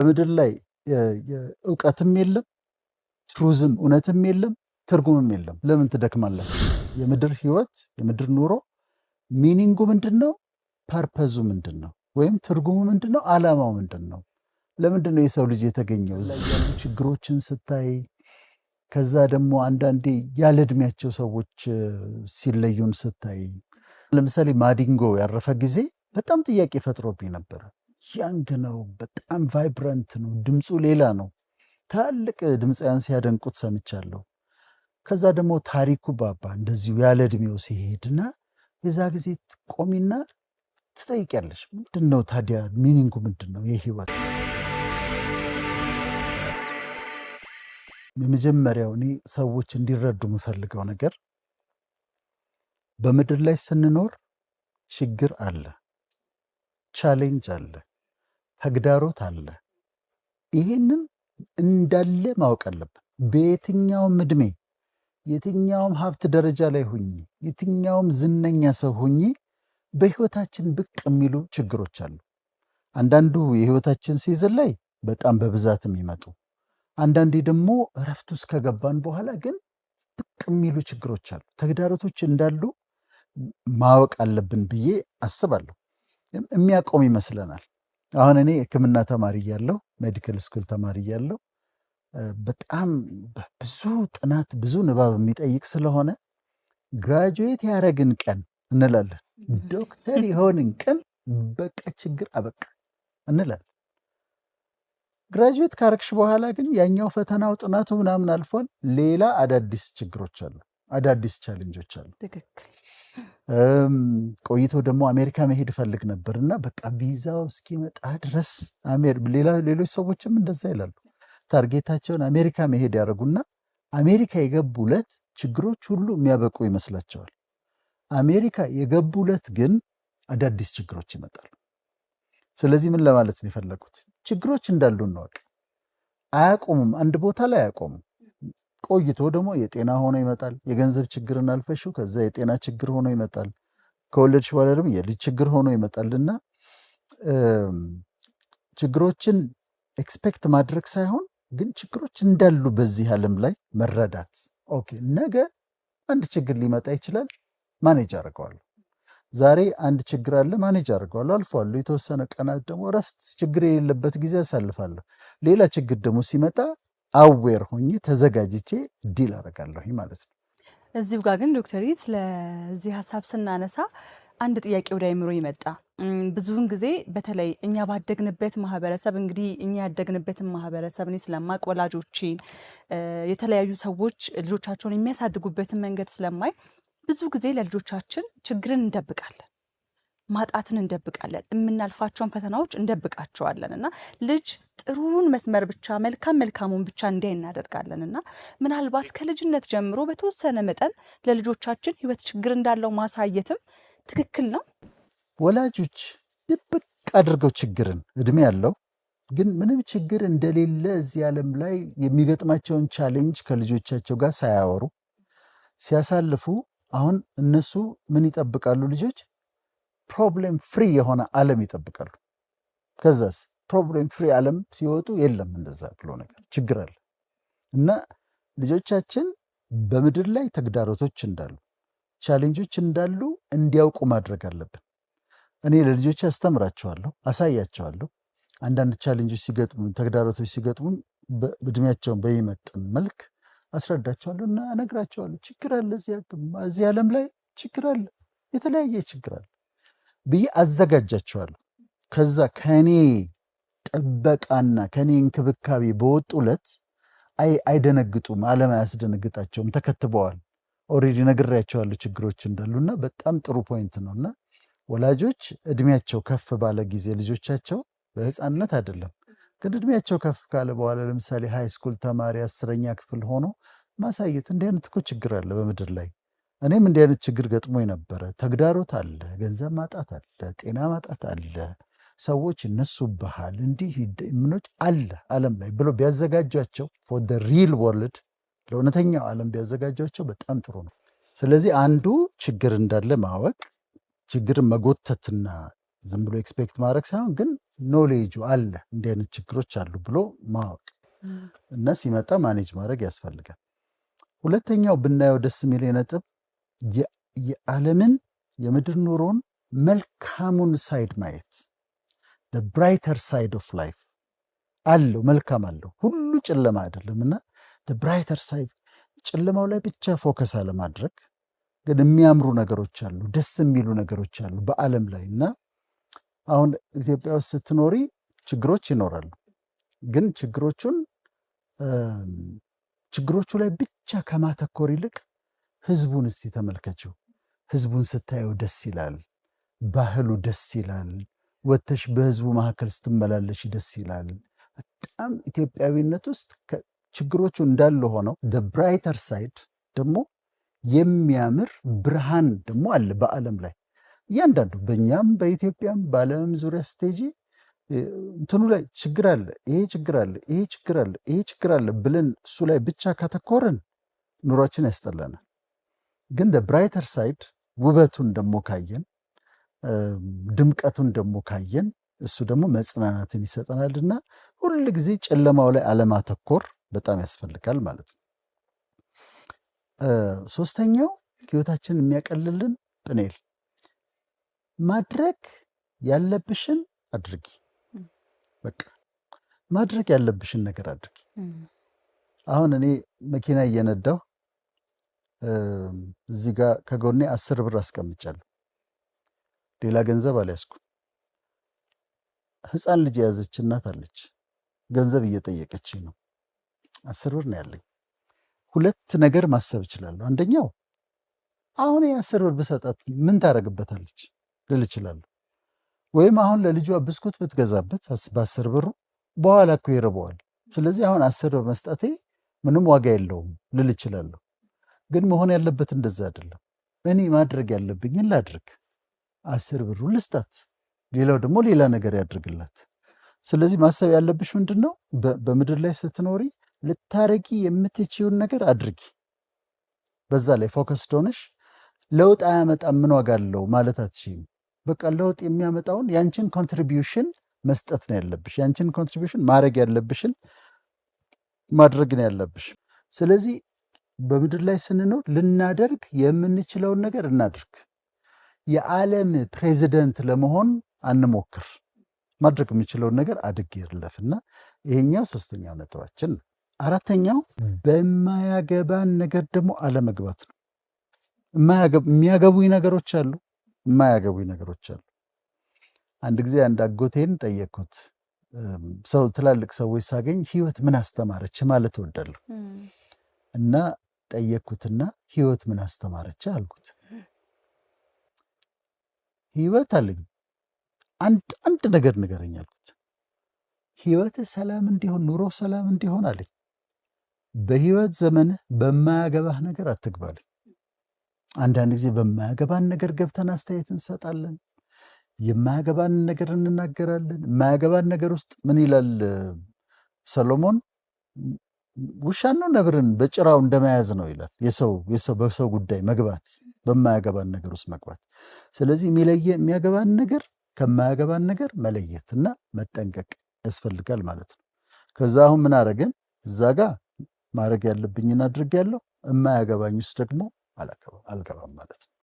በምድር ላይ እውቀትም የለም፣ ትሩዝም እውነትም የለም፣ ትርጉምም የለም። ለምን ትደክማለህ? የምድር ህይወት የምድር ኑሮ ሚኒንጉ ምንድን ነው? ፐርፐዙ ምንድን ነው? ወይም ትርጉሙ ምንድን ነው? አላማው ምንድን ነው? ለምንድን ነው የሰው ልጅ የተገኘው? ችግሮችን ስታይ ከዛ ደግሞ አንዳንዴ ያለ እድሜያቸው ሰዎች ሲለዩን ስታይ፣ ለምሳሌ ማዲንጎ ያረፈ ጊዜ በጣም ጥያቄ ፈጥሮብኝ ነበረ። ያንግ ነው፣ በጣም ቫይብራንት ነው፣ ድምፁ ሌላ ነው። ትላልቅ ድምፃውያን ሲያደንቁት ሰምቻለሁ። ከዛ ደግሞ ታሪኩ ባባ እንደዚሁ ያለ እድሜው ሲሄድና የዛ ጊዜ ቆሚና ትጠይቂያለሽ፣ ምንድን ነው ታዲያ ሚኒንጉ ምንድን ነው የህይወት? የመጀመሪያው እኔ ሰዎች እንዲረዱ የምፈልገው ነገር በምድር ላይ ስንኖር ችግር አለ፣ ቻሌንጅ አለ፣ ተግዳሮት አለ። ይህንን እንዳለ ማወቅ አለብን። በየትኛውም እድሜ፣ የትኛውም ሀብት ደረጃ ላይ ሁኜ፣ የትኛውም ዝነኛ ሰው ሁኜ በህይወታችን ብቅ የሚሉ ችግሮች አሉ። አንዳንዱ የህይወታችን ሲዝን ላይ በጣም በብዛት የሚመጡ አንዳንዴ ደግሞ እረፍት ውስጥ ከገባን በኋላ ግን ብቅ የሚሉ ችግሮች አሉ። ተግዳሮቶች እንዳሉ ማወቅ አለብን ብዬ አስባለሁ። የሚያቆም ይመስለናል። አሁን እኔ ሕክምና ተማሪ እያለሁ ሜዲካል ስኩል ተማሪ እያለሁ በጣም ብዙ ጥናት ብዙ ንባብ የሚጠይቅ ስለሆነ ግራጁዌት ያደረግን ቀን እንላለን፣ ዶክተር የሆንን ቀን በቃ ችግር አበቃ እንላለን። ግራጁዌት ካረግሽ በኋላ ግን ያኛው ፈተናው ጥናቱ ምናምን አልፎን ሌላ አዳዲስ ችግሮች አሉ፣ አዳዲስ ቻለንጆች አሉ። ቆይቶ ደግሞ አሜሪካ መሄድ እፈልግ ነበር እና በቃ ቪዛው እስኪመጣ ድረስ ሌሎች ሰዎችም እንደዛ ይላሉ። ታርጌታቸውን አሜሪካ መሄድ ያደረጉና አሜሪካ የገቡ ችግሮች ሁሉ የሚያበቁ ይመስላቸዋል። አሜሪካ የገቡለት ግን አዳዲስ ችግሮች ይመጣሉ። ስለዚህ ምን ለማለት ነው የፈለጉት? ችግሮች እንዳሉ እናወቅ። አያቆሙም፣ አንድ ቦታ ላይ አያቆሙም። ቆይቶ ደግሞ የጤና ሆኖ ይመጣል። የገንዘብ ችግርን አልፈሽው ከዛ የጤና ችግር ሆኖ ይመጣል። ከወለድሽ በኋላ ደግሞ የልጅ ችግር ሆኖ ይመጣል እና ችግሮችን ኤክስፔክት ማድረግ ሳይሆን ግን ችግሮች እንዳሉ በዚህ ዓለም ላይ መረዳት። ኦኬ ነገ አንድ ችግር ሊመጣ ይችላል፣ ማኔጅ አድርገዋለሁ። ዛሬ አንድ ችግር አለ፣ ማኔጅ አድርገዋለሁ፣ አልፈዋለሁ። የተወሰነ ቀናት ደግሞ እረፍት፣ ችግር የሌለበት ጊዜ አሳልፋለሁ። ሌላ ችግር ደግሞ ሲመጣ አዌር ሆኜ ተዘጋጅቼ ዲል አደርጋለሁኝ ማለት ነው። እዚሁ ጋር ግን ዶክተሪት ለዚህ ሀሳብ ስናነሳ አንድ ጥያቄ ወደ አይምሮ ይመጣ። ብዙውን ጊዜ በተለይ እኛ ባደግንበት ማህበረሰብ እንግዲህ እኛ ያደግንበትን ማህበረሰብ እኔ ስለማቅ ወላጆቼን የተለያዩ ሰዎች ልጆቻቸውን የሚያሳድጉበትን መንገድ ስለማይ ብዙ ጊዜ ለልጆቻችን ችግርን እንደብቃለን ማጣትን እንደብቃለን፣ የምናልፋቸውን ፈተናዎች እንደብቃቸዋለን እና ልጅ ጥሩን መስመር ብቻ መልካም መልካሙን ብቻ እንዲያይ እናደርጋለን እና ምናልባት ከልጅነት ጀምሮ በተወሰነ መጠን ለልጆቻችን ህይወት ችግር እንዳለው ማሳየትም ትክክል ነው። ወላጆች ድብቅ አድርገው ችግርን እድሜ ያለው ግን ምንም ችግር እንደሌለ እዚህ ዓለም ላይ የሚገጥማቸውን ቻሌንጅ ከልጆቻቸው ጋር ሳያወሩ ሲያሳልፉ አሁን እነሱ ምን ይጠብቃሉ? ልጆች ፕሮብሌም ፍሪ የሆነ ዓለም ይጠብቃሉ። ከዛስ ፕሮብሌም ፍሪ ዓለም ሲወጡ የለም እንደዛ ብሎ ነገር ችግር አለ እና ልጆቻችን በምድር ላይ ተግዳሮቶች እንዳሉ ቻሌንጆች እንዳሉ እንዲያውቁ ማድረግ አለብን። እኔ ለልጆች አስተምራቸዋለሁ፣ አሳያቸዋለሁ። አንዳንድ ቻሌንጆች ሲገጥሙ፣ ተግዳሮቶች ሲገጥሙ እድሜያቸውን በሚመጥን መልክ አስረዳቸዋለሁ እና እነግራቸዋለሁ። ችግር አለ እዚህ ዓለም ላይ ችግር አለ፣ የተለያየ ችግር አለ። ብዬ አዘጋጃቸዋለሁ። ከዛ ከኔ ጥበቃና ከኔ እንክብካቤ በወጡ ዕለት አይደነግጡም፣ ዓለም አያስደነግጣቸውም። ተከትበዋል። ኦልሬዲ ነግሬያቸዋለሁ ችግሮች እንዳሉና በጣም ጥሩ ፖይንት ነውና ወላጆች እድሜያቸው ከፍ ባለ ጊዜ ልጆቻቸው በህፃንነት አይደለም ግን እድሜያቸው ከፍ ካለ በኋላ ለምሳሌ ሃይ ስኩል ተማሪ አስረኛ ክፍል ሆኖ ማሳየት እንዲህ አይነት እኮ ችግር አለ በምድር ላይ እኔም እንዲህ አይነት ችግር ገጥሞ የነበረ ተግዳሮት አለ። ገንዘብ ማጣት አለ፣ ጤና ማጣት አለ፣ ሰዎች ይነሱብሃል፣ እንዲህ ምኖች አለ ዓለም ላይ ብሎ ቢያዘጋጇቸው ፎር ሪል ወርልድ ለእውነተኛው ዓለም ቢያዘጋጇቸው በጣም ጥሩ ነው። ስለዚህ አንዱ ችግር እንዳለ ማወቅ፣ ችግር መጎተትና ዝም ብሎ ኤክስፔክት ማድረግ ሳይሆን ግን ኖሌጁ አለ እንዲህ አይነት ችግሮች አሉ ብሎ ማወቅ እና ሲመጣ ማኔጅ ማድረግ ያስፈልጋል። ሁለተኛው ብናየው ደስ የሚል ነጥብ የዓለምን የምድር ኑሮን መልካሙን ሳይድ ማየት ብራይተር ሳይድ ኦፍ ላይፍ አለው። መልካም አለው። ሁሉ ጨለማ አይደለም እና ብራይተር ሳይድ ጨለማው ላይ ብቻ ፎከስ አለማድረግ ግን የሚያምሩ ነገሮች አሉ፣ ደስ የሚሉ ነገሮች አሉ በዓለም ላይ እና አሁን ኢትዮጵያ ውስጥ ስትኖሪ ችግሮች ይኖራሉ። ግን ችግሮቹን ችግሮቹ ላይ ብቻ ከማተኮር ይልቅ ህዝቡን እስቲ ተመልከችው። ህዝቡን ስታየው ደስ ይላል። ባህሉ ደስ ይላል። ወተሽ በህዝቡ መካከል ስትመላለሽ ደስ ይላል። በጣም ኢትዮጵያዊነት ውስጥ ችግሮቹ እንዳለ ሆነው ብራይተር ሳይድ ደግሞ የሚያምር ብርሃን ደግሞ አለ በዓለም ላይ እያንዳንዱ በእኛም በኢትዮጵያም በዓለም ዙሪያ ስቴጂ እንትኑ ላይ ችግር አለ፣ ይሄ ችግር አለ፣ ይሄ ችግር አለ፣ ይሄ ችግር አለ ብለን እሱ ላይ ብቻ ካተኮርን ኑሯችን ያስጠላናል። ግን ብራይተር ሳይድ ውበቱን ደሞ ካየን ድምቀቱን ደሞ ካየን እሱ ደግሞ መጽናናትን ይሰጠናል እና ሁል ጊዜ ጨለማው ላይ አለማተኮር በጣም ያስፈልጋል ማለት ነው። ሶስተኛው ህይወታችንን የሚያቀልልን ጥኔል ማድረግ ያለብሽን አድርጊ። በቃ ማድረግ ያለብሽን ነገር አድርጊ። አሁን እኔ መኪና እየነዳሁ እዚህ ጋር ከጎኔ አስር ብር አስቀምጫለሁ። ሌላ ገንዘብ አልያዝኩም። ህፃን ልጅ የያዘች እናት አለች። ገንዘብ እየጠየቀች ነው። አስር ብር ነው ያለኝ። ሁለት ነገር ማሰብ እችላለሁ። አንደኛው አሁን የአስር ብር ብሰጣት ምን ታደርግበታለች ልል እችላለሁ። ወይም አሁን ለልጇ ብስኩት ብትገዛበት በአስር ብሩ በኋላ እኮ ይርበዋል። ስለዚህ አሁን አስር ብር መስጠቴ ምንም ዋጋ የለውም ልል እችላለሁ። ግን መሆን ያለበት እንደዛ አይደለም። እኔ ማድረግ ያለብኝን ላድርግ፣ አስር ብሩ ልስጣት፣ ሌላው ደግሞ ሌላ ነገር ያድርግላት። ስለዚህ ማሰብ ያለብሽ ምንድን ነው? በምድር ላይ ስትኖሪ ልታረጊ የምትችውን ነገር አድርጊ። በዛ ላይ ፎከስ ሆነሽ ለውጥ አያመጣም ምን ዋጋ አለው ማለት አትችይም። በቃ ለውጥ የሚያመጣውን ያንቺን ኮንትሪቢሽን መስጠት ነው ያለብሽ። ያንቺን ኮንትሪቢሽን ማድረግ ያለብሽን ማድረግ ነው ያለብሽ። ስለዚህ በምድር ላይ ስንኖር ልናደርግ የምንችለውን ነገር እናድርግ። የዓለም ፕሬዚደንት ለመሆን አንሞክር። ማድረግ የምችለውን ነገር አድግ ና ይሄኛው ሶስተኛው ነጥባችን ነው። አራተኛው በማያገባን ነገር ደግሞ አለመግባት ነው። የሚያገቡኝ ነገሮች አሉ፣ የማያገቡኝ ነገሮች አሉ። አንድ ጊዜ አንድ አጎቴን ጠየቅኩት። ሰው ትላልቅ ሰዎች ሳገኝ ህይወት ምን አስተማረች ማለት እወዳለሁ እና ጠየቅኩትና ህይወት ምን አስተማረች አልኩት። ህይወት አለኝ አንድ አንድ ነገር ንገረኝ አልኩት። ህይወት ሰላም እንዲሆን፣ ኑሮ ሰላም እንዲሆን አለኝ። በህይወት ዘመንህ በማያገባህ ነገር አትግባልኝ። አንዳንድ ጊዜ በማያገባን ነገር ገብተን አስተያየት እንሰጣለን። የማያገባን ነገር እንናገራለን። የማያገባን ነገር ውስጥ ምን ይላል ሰሎሞን? ውሻና ነብርን በጭራው እንደመያዝ ነው ይላል። የሰው የሰው በሰው ጉዳይ መግባት በማያገባን ነገር ውስጥ መግባት። ስለዚህ የሚለየ የሚያገባን ነገር ከማያገባን ነገር መለየት እና መጠንቀቅ ያስፈልጋል ማለት ነው። ከዛ አሁን ምን አረገን? እዛ ጋ ማድረግ ያለብኝን ያለው የማያገባኝ ውስጥ ደግሞ አልገባም ማለት ነው።